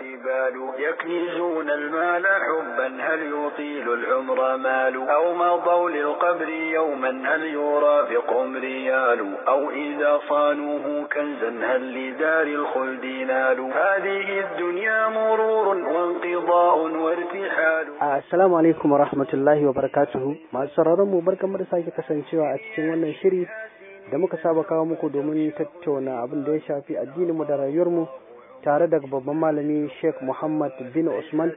التبال يكنزون المال حبا هل يطيل العمر مال أو مضوا للقبر يوما هل يرافقهم ريال أو إذا صانوه كنزا هل لدار الخلد نال هذه الدنيا مرور وانقضاء وارتحال السلام عليكم ورحمة الله وبركاته ما سرر مبارك مرساك kasancewa a cikin wannan shiri da muka saba kawo muku domin tattauna abin da ya shafi addininmu da rayuwarmu tare da babban malami sheikh muhammad bin usman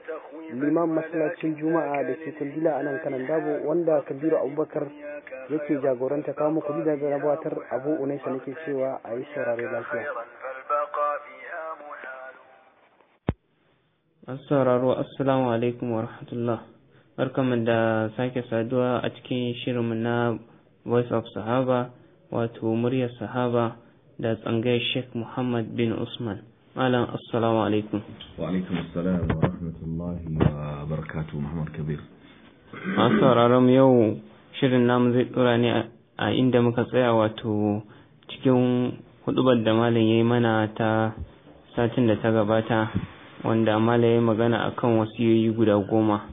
liman masallacin juma'a da ke kundila a nan kanan dabo wanda kabiru abubakar yake jagoranta kawo muku da gabatar abu unaisa nake cewa a yi saurare lafiya sauraro assalamu alaikum wa rahmatullah barkamu da sake saduwa a cikin shirinmu na voice of sahaba wato muryar sahaba da tsangayar sheikh muhammad bin usman malam assalamu alaikum wa alaikum wa rahmatullahi wa muhammad kabir masu sauraron yau shirin namu zai dora ne a inda muka tsaya wato cikin hudubar da malam ya yi mana ta satin da ta gabata wanda malam ya magana akan wasiyoyi guda goma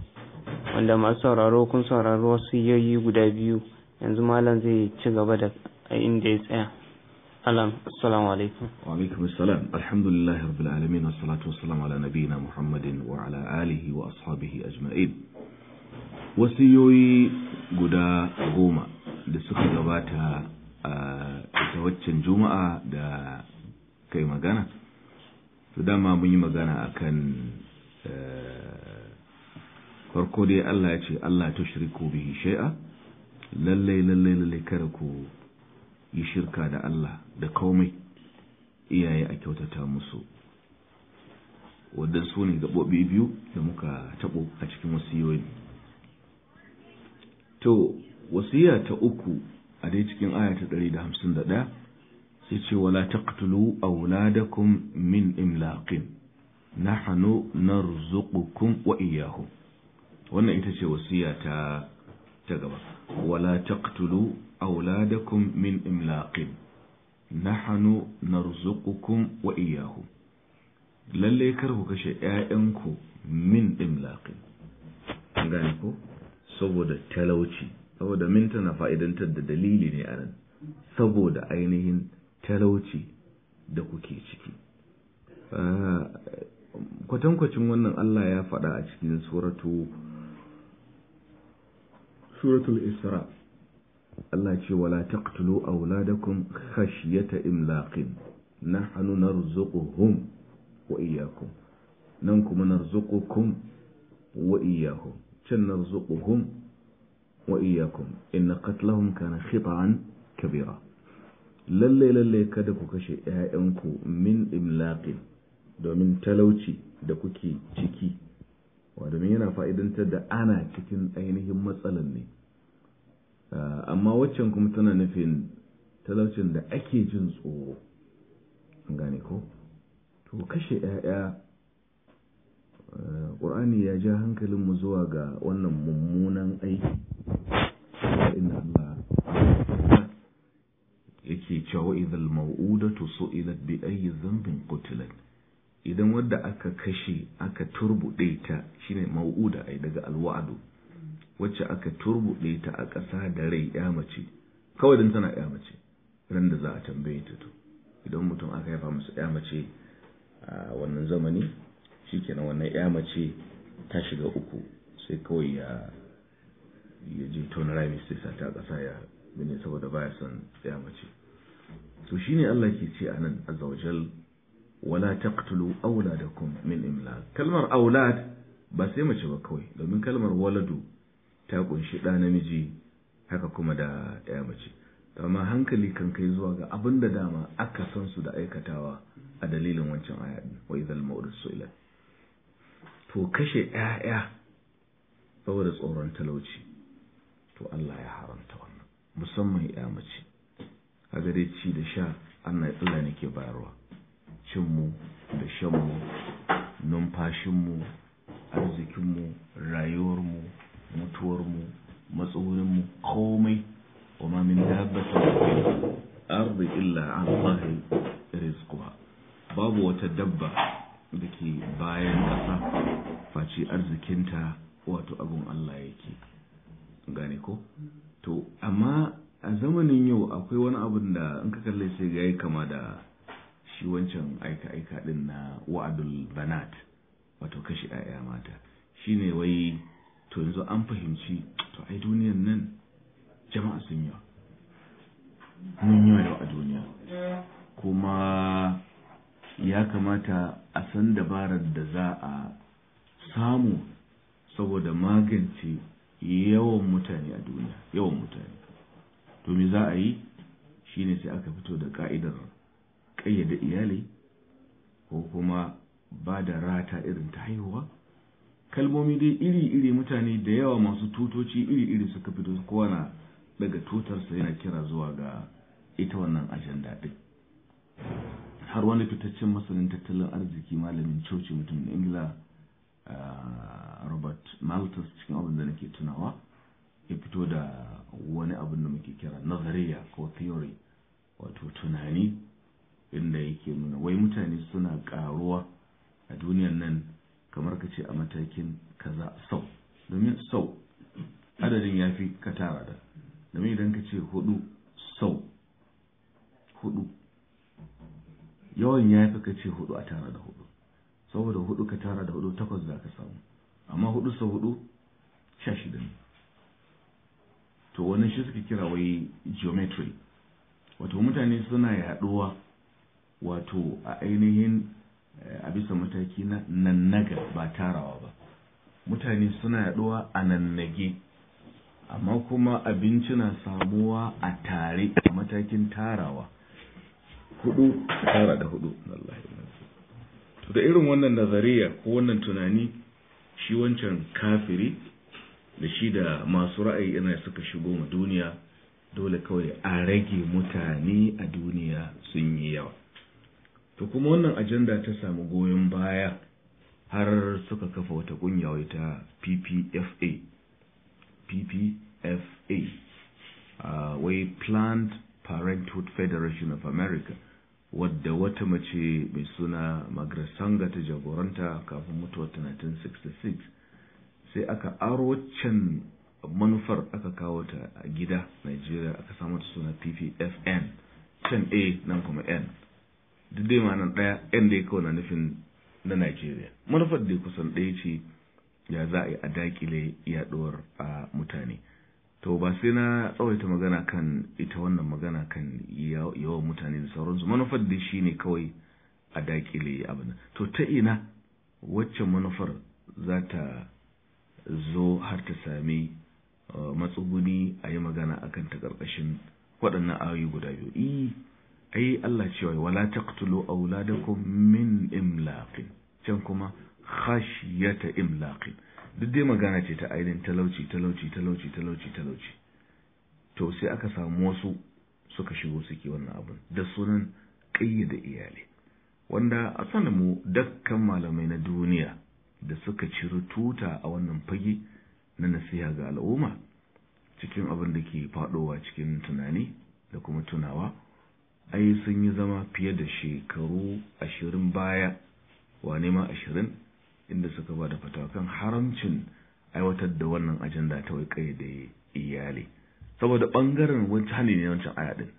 wanda masu sauraro kun sauraro wasiyoyi guda biyu yanzu malam zai ci gaba da inda ya tsaya Alam, assalamu alaikum. Wa alaikum assalam. Alhamdulillahi rabbil alamin wassalatu wassalamu ala nabiyyina Muhammadin wa ala alihi wa ashabihi ajma'in. Wasiyoyi guda goma da suka gabata a ita waccan juma'a da kai magana. To dama mun yi magana akan eh, farko dai Allah ya Allah ta shirku bihi shay'a lallai lallai lallai kada ku yi shirka da Allah da komai iyaye a kyautata musu wadda su ne gaɓoɓi biyu da muka taɓo a cikin wasiyoyi to wasiya ta uku a dai cikin aya ta 151 sai ce wala taqtulu auladakum min imlaqin nahnu narzuqukum wa iyyahum wannan ita ce wasiya ta ta gaba wala taqtulu أولادكم من إملاق نحن نرزقكم وإياهم lallai kar ku kashe ‘ya'yanku min imlaƙin saboda talauci saboda min tana fa'idantar da dalili ne a nan saboda ainihin talauci da kuke ciki kwatankwacin wannan Allah ya faɗa a cikin suratul isra' Allah ce wala taqtulu auladakum khashyata imlaqin nahnu narzuquhum wa iyyakum nan kuma narzuqukum wa iyyahum can narzuquhum wa iyyakum inna qatlahum kana khita'an kabira lalle lalle kada ku kashe ƴaƴanku min imlaqin domin talauci da kuke ciki wa domin yana fa'idantar da ana cikin ainihin matsalan ne Eh, amma waccan kuma tana nufin talaucin da ake jin tsoro an gane ko to kashe 'ya'ya ƙur'ani eh, ya ja hankalinmu zuwa ga wannan mummunan aiki inda Allah yake cewa idal mau'udatu su'ilat bi ayi dhanbin qutilat idan wanda aka kashe aka turbuɗe ta shine mau'uda ai daga alwa'adu wacce aka turbuɗe ta a ƙasa da rai ya mace kawai don tana ya mace ran da za a tambaye ta to idan mutum aka haifa masa ya mace a wannan zamani shikenan wannan ya mace ta shiga uku sai kawai ya ya je tona rami sai sa ta ƙasa ya gane saboda ba ya son ya mace to shine Allah ke ce anan azza wajal wala taqtulu awladakum min imlaq kalmar aulad ba sai mace ba kawai domin kalmar waladu ta kunshi ɗa namiji haka kuma da ɗaya mace amma hankali kan kai zuwa ga abin da dama aka san su da aikatawa a dalilin wancan aya din wa idhal mawdud su'ilat to kashe ƴaƴa saboda tsoron talauci to Allah ya haramta wannan musamman ƴa mace a gare ci da sha Allah ya ne ke bayarwa cin mu da shan mu numfashin mu arzikin mu rayuwar mu mutuwarmu mu komai wa ma min dabbatin arzi illa an sahi babu wata dabba da ke bayan ƙasa face arzikinta wato abun Allah yake gane ko to amma a zamanin yau akwai wani abin da in ka kalle sai ga yi kama da shi wancan aika-aika din na wa'adul banat wato kashi 'ya'ya mata shine wai to yanzu an fahimci to ai duniyar nan jama'a sun yawa mun yawa yau a duniya kuma ya kamata a san dabarar da za a samu saboda magance yawan mutane a duniya yawan mutane to me za a yi shine sai aka fito da ka'idar ƙayyade iyali ko kuma ba da rata irin ta haihuwa kalmomi dai iri-iri mutane da yawa masu tutoci iri-iri suka fito kowa na daga tutarsa yana kira zuwa ga ita wannan ajanda ɗin har wani fitaccen masanin tattalin arziki malamin coci mutum ingila ah, robert maltus cikin abin da nake tunawa ya fito da wani abin da muke kira nazariya ko theory wato tunani inda yake nuna wai mutane suna karuwa a duniyar nan kamar ka ce a matakin kaza sau domin sau adadin ya fi ka tara da domin idan ka ce hudu sau hudu yawan ya fi ka ce hudu a tara da hudu saboda hudu ka tara da hudu takwas za ka samu amma hudu sau hudu sha shida ne to wani shi suka kira wai geometry wato mutane suna yaduwa wato a ainihin Eh, a bisa mataki na nannaga ba tarawa ba mutane suna yaduwa a nannage amma kuma abinci na samuwa a tare a matakin tarawa hudu tara da hudu to da irin wannan nazariya ko wannan tunani shi wancan kafiri da shi da masu ra'ayi yana suka shigo ma duniya dole kawai a rage mutane a duniya sun yi yawa to kuma wannan ajanda ta samu goyon baya har suka kafa wata kungiya wai ta PPFA PPFA uh, ah, wai Planned Parenthood Federation of America wadda wata mace mai suna Magrasanga ta jagoranta kafin mutuwa ta 1966 sai aka aro can manufar aka kawo ta a gida nigeria aka samu ta suna PPFN 10A nan kuma N duk dai ma'anar ɗaya yan da ya kawo na nufin na Najeriya manufar da kusan ɗaya ce ya za a yi a dakile yaɗuwar a mutane to ba sai na tsawaita magana kan ita wannan magana kan yawan mutane da sauransu manufar da shi ne kawai a dakile abin to ta ina wacce manufar za ta zo har ta sami uh, matsuguni a yi magana akan ta ƙarƙashin waɗannan ayoyi guda biyu ai Allah cewa wala taqtulu auladakum min imlaqin can kuma khashyata imlaqin duk dai magana ce ta ainin talauci talauci talauci talauci talauci to sai aka samu wasu suka shigo suke wannan abun da sunan ƙayyade iyali wanda a sanin mu dukkan malamai na duniya da suka ciri tuta a wannan fage na nasiha ga al'umma cikin abin da ke fadowa cikin tunani da kuma tunawa ai sun yi zama fiye da shekaru ashirin baya wa ma ashirin inda suka ba da fatakan kan haramcin aiwatar da wannan ajanda ta wai kai da iyali saboda ɓangaren wancan hali ne wancan aya din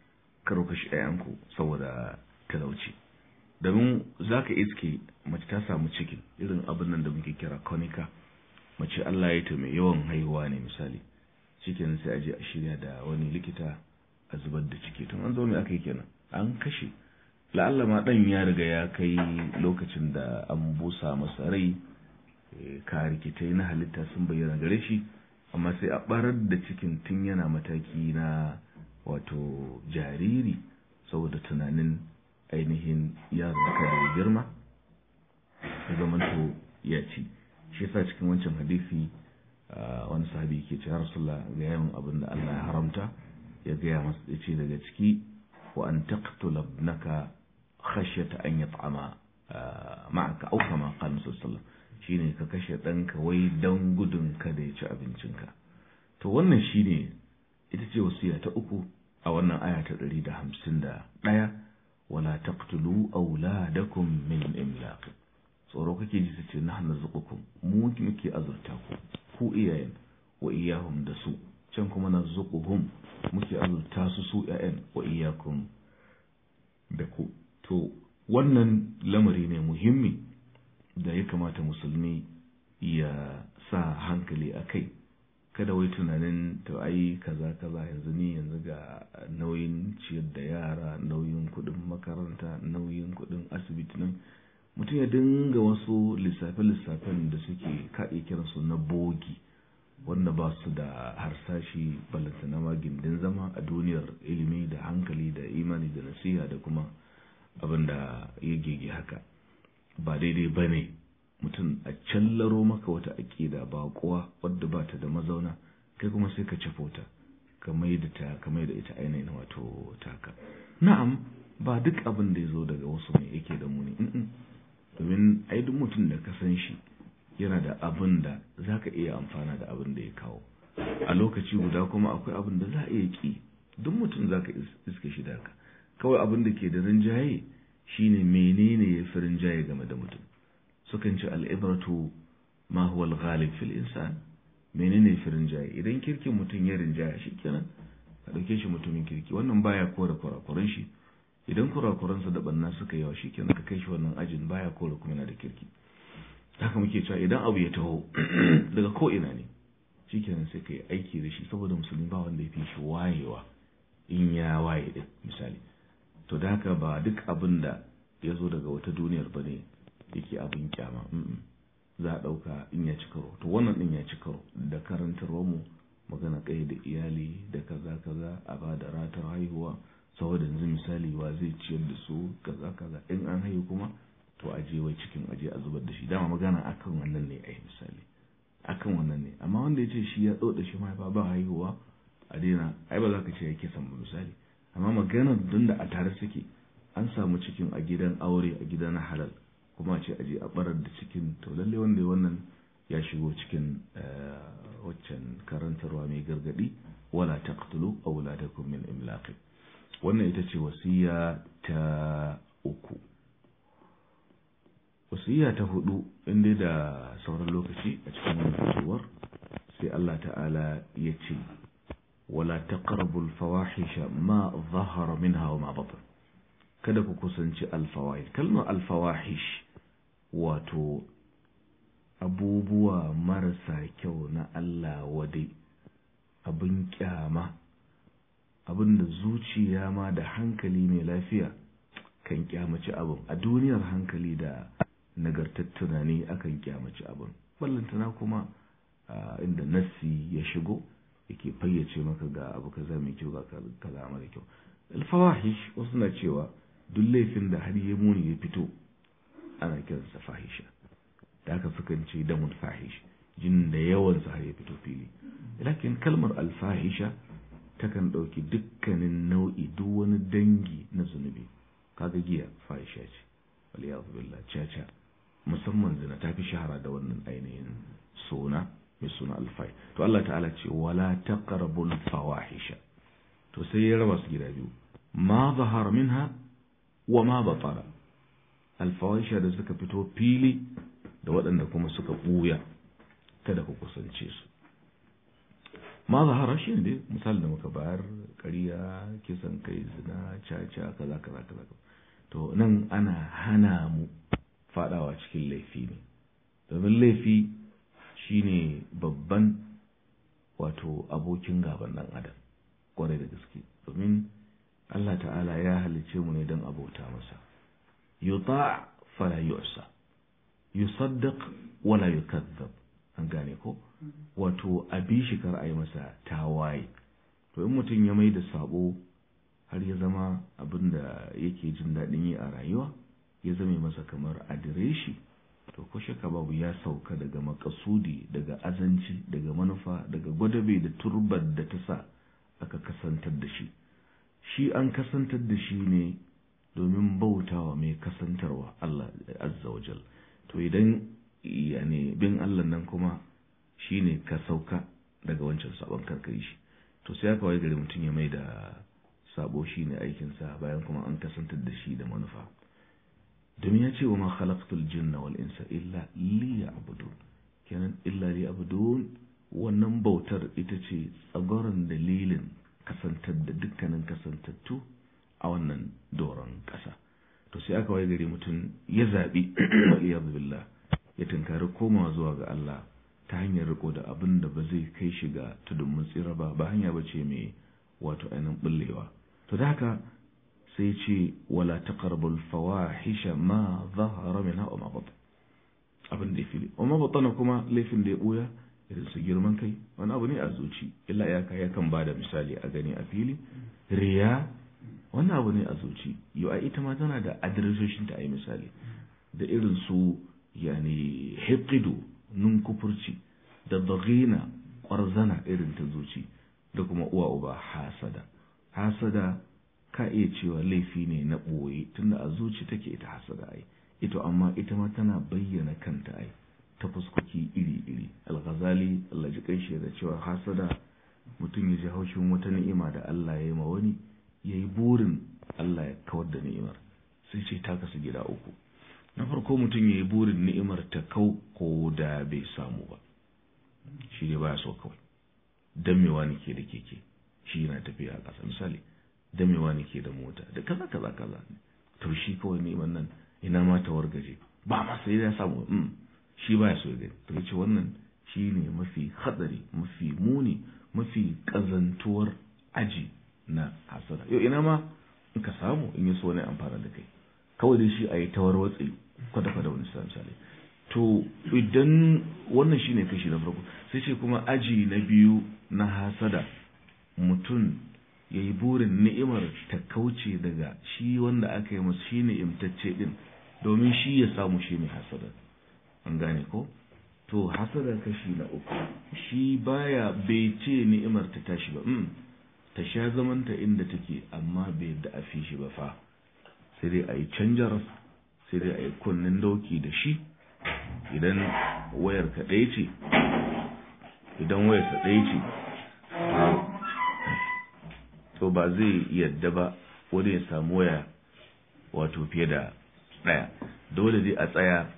karo kashi ayanku saboda talauci domin za ka iske mace ta samu ciki irin abin nan da muke kira konika mace Allah ya ta mai yawan haihuwa ne misali cikin sai aje a shirya da wani likita a zubar da ciki tun an zo mai aka yi kenan an kashe la'allama ɗan ya riga ya kai lokacin da an busa masa rai eh, ka rikitai na halitta sun bayyana gare shi amma sai a ɓarar da cikin tun yana mataki na wato jariri saboda tunanin ainihin yaron ka da girma ya to ya ci shi yasa cikin wancan hadisi wani sahabi ke ce rasulullah ga yawan abin da Allah ya haramta ya gaya masu ya daga ciki wa an taqtula ibnaka khashyata an yat'ama ma'aka au kama qala sallallahu shine ka kashe ɗanka wai dan gudun kada ya ci abincinka to wannan shine ita ce wasiya ta uku a wannan aya ta ɗari da hamsin da ɗaya wala taqtulu auladakum min imlaq tsoro kake ji su na nahnu zuqukum mu muke azurta ku ku iyayen wa iyahum da su can kuma na zuquhum muke azurta su su ‘ya'yan wa iyakun da ku. To, wannan lamari ne muhimmi da ya kamata musulmi ya sa hankali a kai. Kada wai tunanin to ai kaza kaza yanzu ni yanzu ga nauyin ciyar da yara, nauyin kuɗin makaranta, nauyin kuɗin asibiti nan. Mutum ya dinga wasu lissafe-lissafen da suke kaɗe kiransu na bogi. wanda ba su da harsashi ballantana ma gindin zama a duniyar ilimi da hankali da imani da nasiha da kuma abin da ya gege haka ba daidai ba ne mutum a callaro maka wata aƙida ba kuwa wadda ba ta da mazauna kai kuma sai ka cefota ka mai da ta ka mai da ita ainihin wato taka na'am ba duk abin da ya zo daga wasu ne yake da muni domin ai duk mutum da ka san shi yana da abin da za ka iya amfana da abin da ya kawo a lokaci guda kuma akwai abin da za a iya ki duk mutum za ka iska shi da ka kawai abin da ke da rinjaye shine menene ya fi rinjaye game da mutum sukan ci al'ibratu ma huwa al-ghalib fil insan menene fi rinjaye idan kirkin mutum ya rinjaya shikenan a dauke shi mutumin kirki wannan baya kore kurakuran shi idan kurakuransa da banna suka yawa shikenan ka kai shi wannan ajin baya kore kuma yana da kirki haka muke cewa idan abu ya taho daga ko ina ne kenan sai ka yi aiki da shi saboda musulmi ba wanda ya fi shi wayewa in ya waye din misali to da haka ba duk abin da ya zo daga wata duniyar ba ne yake abin kyama za a ɗauka in ya ci karo to wannan ɗin ya ci karo da karantarwa mu magana kai da iyali da kaza kaza a ba da ratar haihuwa saboda yanzu misali wa zai ciyar da su kaza kaza in an haihu kuma to je wai cikin aje a zubar da shi dama magana akan wannan ne ai misali akan wannan ne amma wanda ya ce shi ya tsoda shi mahaifa ba haihuwa a daina ai ba za ka ce yake san misali amma magana don da a tare suke an samu cikin a gidan aure a gidan halal kuma ce aje a barar da cikin to lalle wanda wannan ya shigo cikin eh, waccan karantarwa mai gargadi wala taqtulu awladakum min imlaq wannan ita ce wasiya ta uku wasiya ta hudu inda da sauran lokaci a cikin wannan sai Allah ta'ala ya ce wala taqrabul fawahisha ma zahara minha wa ma batan kada ku kusanci alfawahish kalmar alfawahish wato abubuwa marasa kyau na Allah wadai abin kyama abin da zuciya ma da hankali mai lafiya kan kyamaci abin a duniyar hankali da nagartattuna ne akan kyamaci abin ballantana kuma inda nassi ya shigo yake fayyace maka ga abu kaza mai kyau ga kaza mara kyau alfawahish wasu na cewa duk laifin da har ya muni ya fito ana kiransa fahisha da aka suka ce damun fahish jin da yawansa har ya fito fili lakin kalmar alfahisha takan ɗauki dukkanin nau'i duk wani dangi na zunubi kaga giya fahisha ce waliyahu billah caca musamman zina ta fi shahara da wannan ainihin suna mai suna alfai to Allah ta'ala ce wala taqrabul fawahisha to sai ya raba su gida biyu ma zahar minha wa ma batara alfawahisha da suka fito fili da waɗanda kuma suka buya kada ku kusance su ma zahara shi ne misali da muka bayar ƙarya kisan kai zina caca kaza kaza kaza to nan ana hana mu fadawa cikin laifi ne domin laifi shine babban wato abokin gaban dan adam kwarai da gaske domin Allah ta'ala ya halice mu ne don abota masa yuta fala yu'sa yusaddaq wala yukazzab an gane ko wato abi shi kar ayi masa tawaye to in mutum ya mai da sabo har ya zama abin da yake jin daɗin yi a rayuwa ya zame masa kamar adireshi to ko shaka babu ya sauka daga makasudi daga azanci daga manufa daga gwadabe da turbar da ta sa aka kasantar da shi shi an kasantar da shi ne domin bautawa mai kasantarwa Allah azza wajal to idan yani bin Allah nan kuma shine ka sauka daga wancan sabon karkai shi to sai aka waye gari mutum ya mai da sabo shine aikinsa bayan kuma an kasantar da shi da manufa domin ya ce wa ma khalaqtul jinna wal insa illa liya'budun kenan illa liya'budun wannan bautar ita ce tsagoron dalilin kasantar da dukkanin kasantattu a wannan doron ƙasa to sai aka waye gari mutum ya zaɓi waliyadu billah ya tunkari komawa zuwa ga Allah ta hanyar riko da abin da ba zai kai shi ga tudun mutsira ba ba hanya ba ce mai wato ainihin bullewa to da haka sai ce wala taqrabul fawahisha ma zahara minha wa ma batta abin da fili wa ma batta kuma laifin da ya boya irin su girman kai wani abu ne a zuci illa ya yakan ba da misali a gani a fili riya wani abu ne a zuci yau a ita ma tana da adrisoshin ta a yi misali da irin su yani hiqidu nun kufurci da dagina ƙwarzana irin ta zuci da kuma uwa uba hasada hasada ka iya cewa laifi ne na ɓoye tunda a zuci take ita hasada ai ito amma ita ma tana bayyana kanta ai ta fuskoki iri-iri alghazali Allah ji kanshi da cewa hasada mutum ya ji haushin wata ni'ima da Allah ya yi ma wani ya yi burin Allah ya kawar da ni'imar sai ce ta kasu gida uku na farko mutum ya yi burin ni'imar ta kau ko da bai samu ba shi ne baya so kawai dan me wani ke da keke shi yana tafiya a ƙasa misali damewa nake da mota da kaza kaza kaza to shi kawai ne wannan ina ma ta wargaje ba ma sai ya samu mm, shi baya so ya to yace wannan shi ne mafi hatsari mafi muni mafi kazantuwar aji na hasara yau ina ma in ka samu in yi so ne amfana da kai kawai dai shi a yi tawar watsi kwata kwata wani sa misali to idan wannan shine kashi na farko sai ce kuma aji na biyu na hasada mutum ya yi burin ni'imar ta kauce daga shi wanda aka yi masu shine imtacce din domin shi ya samu shi ne hasada an gane ko to hasada kashi na uku shi baya bai ce ni'imar ta tashi ba hmm, ta sha zamanta inda take amma bai da a fi shi ba fa sai dai a yi canjar sai dai a yi kunnen dauki da shi idan wayar ka ɗaya ce idan wayar ka ɗaya ce To ba zai yadda ba wani ya samu waya wato fiye da ɗaya dole dai a tsaya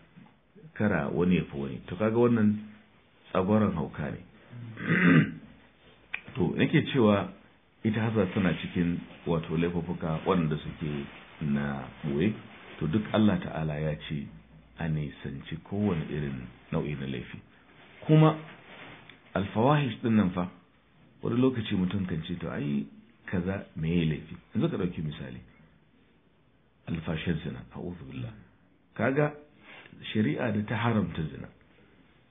kara wani ya fi wani to kaga wannan tsagoron hauka ne to nake cewa ita hasa tana cikin wato laifuka waɗanda suke na ɓoye to duk Allah ta'ala ya ce a nisanci kowane irin nau'i na laifi kuma alfawahish din nan fa wani lokaci mutum kan ce to ai kaza me ya laifi yanzu ka ɗauki misali alfashin zina a billah kaga shari'a da ta haramta zina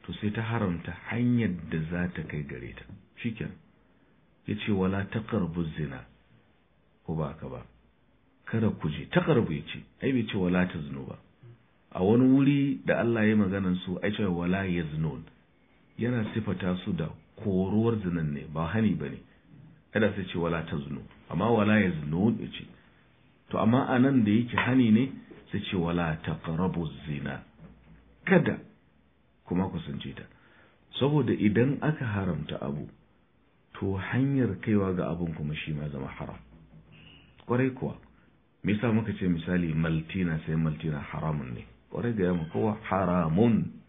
to sai ta haramta hanyar da za ta kai gare ta shikenan ya ce wala ta karbu zina ko ba ka ba kada ku je ta karbu ya ce ai bai ce wala ta zino ba a wani wuri da Allah ya maganan su ai cewa wala ya zino yana sifata su da koruwar zinan ne ba hani ba ne Kada sai ce wala ta zunu amma wala ya zunu ya ce to amma a nan da yake hani ne sai ce wala ta karabu zina kada kuma kusance ta saboda idan aka haramta abu to hanyar kaiwa ga abin kuma shi ma zama haram kwarai kuwa me yasa muka ce misali maltina sai maltina haramun ne kwarai ga yamma kowa haramun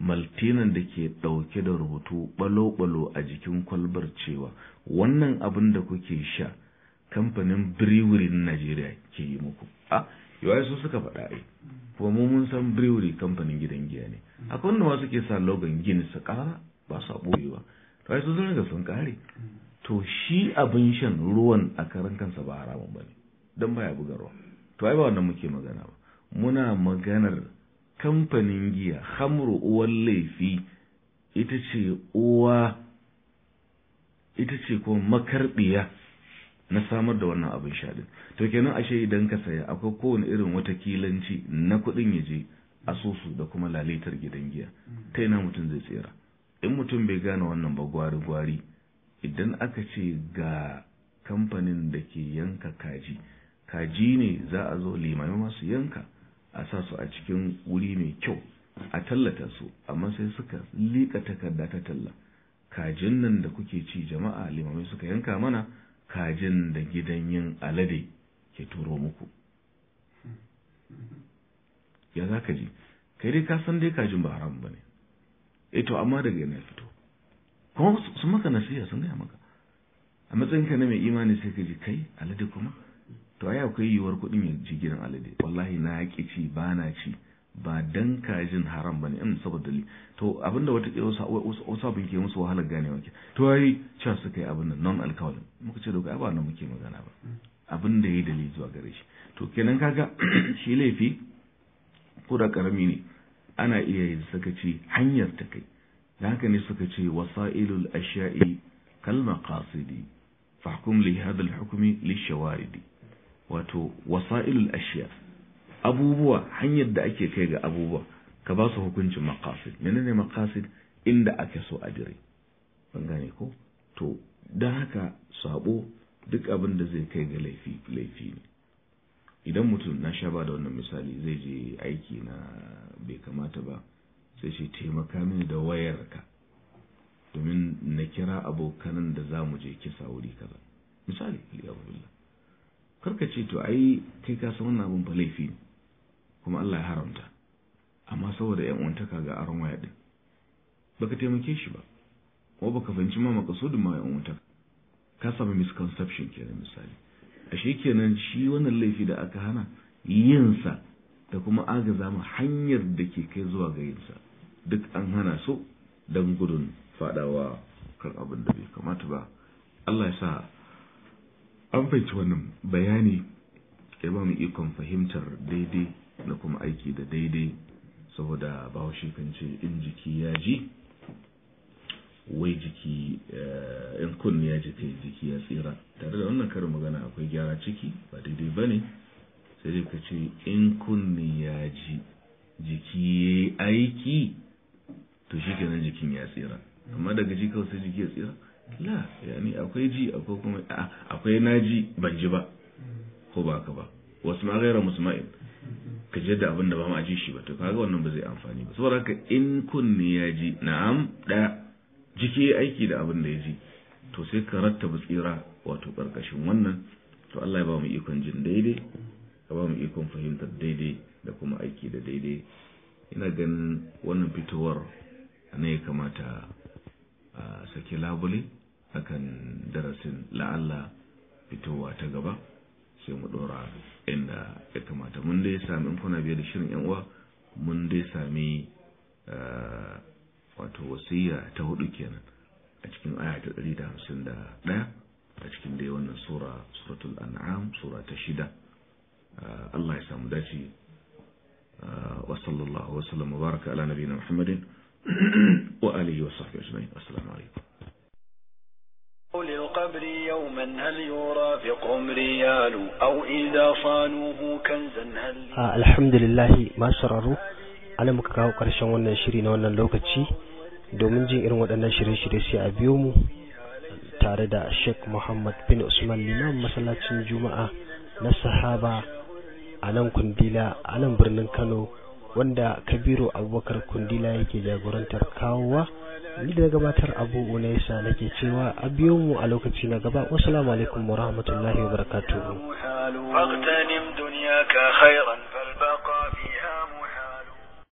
maltinan da ke ɗauke da rubutu ɓalo-ɓalo a jikin kwalbar cewa wannan abin da kuke sha kamfanin brewery na Najeriya ke yi muku. A, yawai su suka faɗa ai, kuma mun san brewery kamfanin gidan giya ne. Akwai kwanan ma suke sa logan gini su ƙara ba su ɓoyewa. Yawai su sun sun ƙare. To shi abin shan ruwan a karan kansa ba haramun ba ne, don baya bugarwa. To ai ba wannan muke magana ba. Muna maganar kamfanin giya hamru uwan laifi ita ce uwa ita ce kuma makarbiya na samar da wannan abin shaɗin to kenan ashe idan ka saya akwai kowane irin wata kilanci na kuɗin ya je asusu da kuma lalitar gidan giya ta ina mutum zai tsira in mutum bai gane wannan ba gwari gwari idan aka ce ga kamfanin da ke yanka kaji kaji ne za a zo limami masu yanka a sa su a cikin wuri mai kyau a tallata su amma sai suka liƙa takarda ta talla kajin nan da kuke ci jama'a limamai suka yanka mana kajin da gidan yin alade ke turo muku ya za ka ji kai dai ka san dai kajin ba haram ba ne e to amma daga yana fito kuma sun maka nasiya sun gaya maka a matsayinka na mai imani sai ka ji kai alade kuma to ai akwai yiwuwar kuɗin ya ci gidan alade wallahi na yaƙi ci ba na ci ba dan kajin haram bane in saboda dalili to abinda wata ke wasu abin ke musu wahalar gane ke to yi cha suka yi abin nan non alcoholic muka ce doka ba nan muke magana ba abin da yayi dalili zuwa gare shi to kenan kaga shi laifi ko da karami ne ana iya yin sakaci hanyar ta kai dan haka ne suka ce wasailul ashya'i kal maqasidi fahkum li hadha al wato wasailul ashiya abubuwa hanyar da ake kai ga abubuwa ka ba su hukuncin maqasid menene maqasid inda ake so a dire ban gane ko to dan haka sabo duk abin da zai kai ga laifi laifi ne idan mutum na sha ba da wannan misali zai je aiki na bai kamata ba sai shi taimaka mini da wayarka domin na kira abokanan da za mu je kisa wuri kaza misali liyabillah karka ce to ai kai ka san wannan abun ba laifi ne kuma Allah ya haramta amma saboda yan uwantaka ga aron waya din baka taimake shi ba ko baka fahimci ma makasudin ma yan uwantaka ka samu misconception kenan misali ashe kenan shi wannan laifi da aka hana yin sa da kuma agaza mu hanyar da ke kai zuwa ga yinsa duk an hana su dan gudun fadawa kan abin da bai kamata ba Allah ya sa an fahimci wannan bayani ya ba mu ikon fahimtar daidai da kuma aiki da daidai saboda bahaushe kan ce in jiki ya ji wai jiki eh, in kunni ya ji kai jiki ya tsira tare da wannan karin magana akwai gyara ciki ba daidai ba ne sai dai ka ce in kunni ya ji jiki ya aiki to shi jikin ya tsira amma daga ji kawai sai jiki ya tsira la yani akwai ji akwai kuma akwai naji ban ji ba ko ba ka ba wasu ma gaira musma'in ka ji da abin da ba ma ji shi ba to kaga wannan ba zai amfani ba saboda haka in kunni ya ji na'am da jiki aiki da abin da ya ji to sai ka rattaba tsira wato karkashin wannan to Allah ya ba mu ikon jin daidai ka ba mu ikon fahimtar daidai da kuma aiki da daidai ina ganin wannan fitowar ne ya kamata a saki labule akan darasin la'alla fitowa ta gaba sai mu dora inda ya kamata mun dai sami in kuna biyar da shirin yan uwa mun dai sami eh, wato wasiya ta hudu kenan a cikin aya ta ɗaya, a cikin dai wannan sura suratul an'am sura ta shida eh, Allah ya samu dace eh, wa sallallahu wa sallam baraka ala nabiyina muhammadin wa alihi wa sahbihi ajma'in assalamu alaikum قول القبر يوما هل يرافقهم ريال أو إذا صانوه كنزا هل آه الحمد لله ما شرروا أنا مكاو قرشان وانا شرين وانا لوكتشي domin jin irin waɗannan shirye-shirye sai a biyo mu tare da Sheikh Muhammad bin Usman limam masallacin Juma'a na Sahaba a nan Kundila a nan birnin Kano wanda Kabiru Abubakar Kundila yake jagorantar kawowa ni da gabatar abu unaisa nake cewa a biyo mu a lokaci na gaba wassalamu alaikum wa rahmatullahi wa barakatuhu